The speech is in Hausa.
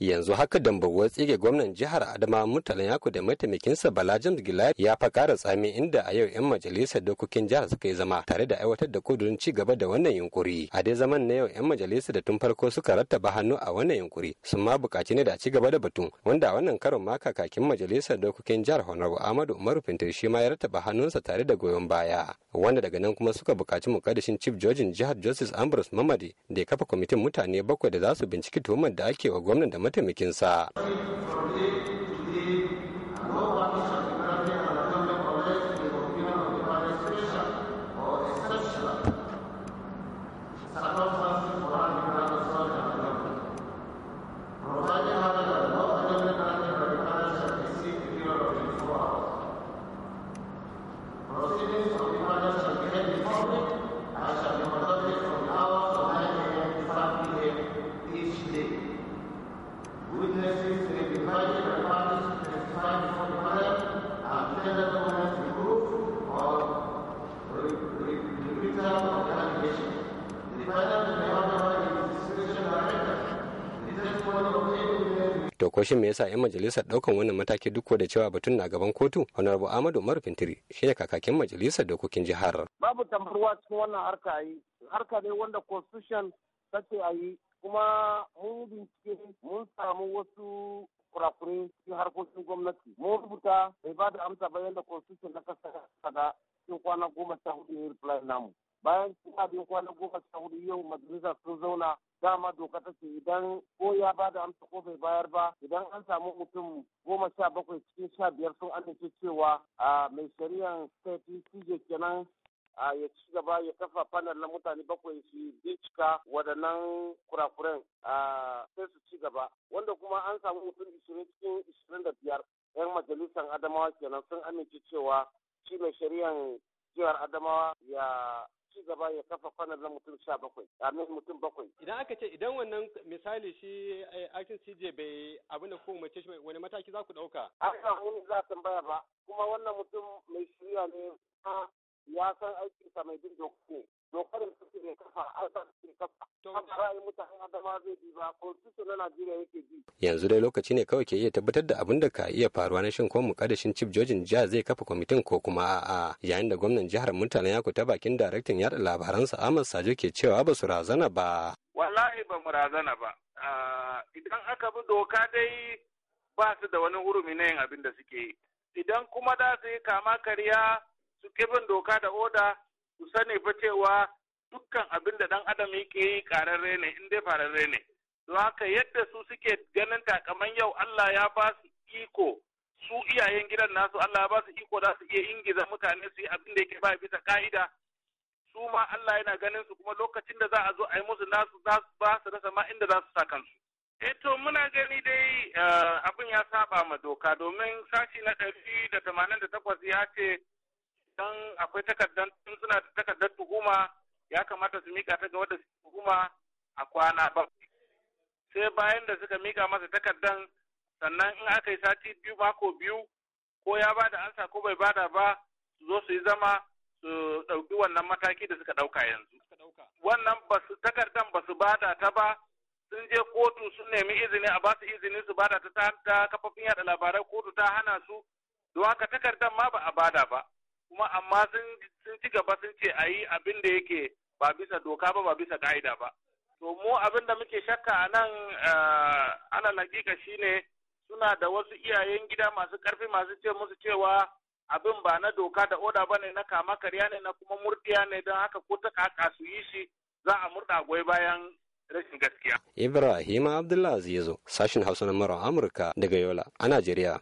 yanzu haka dambawar tsige gwamnan jihar adama murtalan ku da mataimakinsa bala james gilad ya fa kara tsami inda a yau yan majalisar dokokin jihar suka yi zama tare da aiwatar da kudurin ci gaba da wannan yunkuri a dai zaman na yau yan majalisar da tun farko suka rattaba hannu a wannan yunkuri sun ma bukaci ne da ci gaba da batun wanda wannan karon ma kakakin majalisar dokokin jihar honorable ahmadu umaru fintir shi ma ya rattaba hannunsa tare da goyon baya wanda daga nan kuma suka bukaci mukaddashin chief jojin jihar justice ambrose mamadi da ya kafa kwamitin mutane bakwai da za su binciki tuhumar da ake wa gwamnan da mataimakinsa. Thank you. to ko shin me yasa yan majalisar daukan wannan mataki duk da cewa batun na gaban kotu honorable Ahmadu Umaru Fintiri ne kakakin majalisar dokokin jihar babu tambarwa cikin wannan harka yi harka ne wanda constitution ta ce a yi kuma mun bincike mun samu wasu kurakuri cikin harkokin gwamnati mun rubuta bai ba da amsa bayan da constitution na kasa kada cikin kwana goma sha hudu ne reply namu bayan cin abin kwana goma sha hudu yau majalisa sun zauna dama doka ta ce idan ko ya ba da amsa ko bai bayar ba idan an samu mutum goma sha bakwai cikin sha biyar sun amince cewa a mai shari'an state cj kenan a ya ci gaba ya kafa panel na mutane bakwai su bincika waɗannan kurakuren a sai su ci gaba wanda kuma an samu mutum ishirin cikin ishirin da biyar yan majalisar adamawa kenan sun amince cewa shi mai shari'an jihar Adamawa ya ci gaba ya kafa kwanan na mutum sha bakwai amin mutum bakwai. Idan aka ce idan wannan misali shi eh, aikin CJ bai abin da kuma mace shi wani mataki za ku ɗauka? ka wani za a tambaya ba kuma wannan mutum mai shirya ne ya san aikinsa mai bin doka da ne ra'ayin mutanen adama zai bi ba constitution na najeriya yake bi yanzu dai lokaci ne kawai ke iya tabbatar da abin da ka iya faruwa na shin ko kadashin chief jojin jiya zai kafa kwamitin ko kuma a'a yayin da gwamnan jihar murtala yako ta bakin daraktan yada labaransa ahmad sajo ke cewa ba su razana ba wallahi ba mu razana ba ah, idan aka bi doka dai ba su da wani hurumi na yin abin da suke yi idan kuma za su yi kama karya su kibin doka da oda su sani fa cewa dukkan abin da dan adam yake yi kararre ne in dai fararre ne don haka yadda su suke ganin takaman yau Allah ya ba su iko su iyayen gidan nasu Allah ya ba su iko za su iya ingiza mutane su yi abin da yake ba bisa ka'ida su ma Allah yana ganin su kuma lokacin da za a zo a yi musu nasu za su ba su rasa ma inda za su sa kansu eto eh muna gani dai eh, abin ya saba ma doka domin sashi na ɗari da tamanin da takwas ya ce dan akwai takardar suna da takardar tuhuma ya kamata su mika ta ga wadda hukuma a kwana ba. sai bayan da suka mika masa takardan sannan in aka yi sati biyu mako biyu ko ya ba da ansa ko bai bada ba su zo su yi zama su ɗauki wannan mataki da suka ɗauka yanzu wannan basu takardan ba su bada ta ba sun je kotu sun nemi izini a ba su izini su bada ta ta kafafin yada labarai kotu ta hana su don haka takardan ma ba a bada ba kuma amma sun ci gaba sun ce a yi abin da yake ba bisa doka ba ba bisa ka'ida ba to mu abin da muke shakka a nan eh, alal hakika ne suna da wasu iyayen gida masu karfi masu ce musu cewa abin ba na doka da oda ba ne na kama karya ne na kuma murdiya ne don haka ko ta kaka su yi shi za a murda goyi bayan rashin gaskiya. Ibrahim Abdullah zo sashin Hausa na Amurka daga Yola a Najeriya.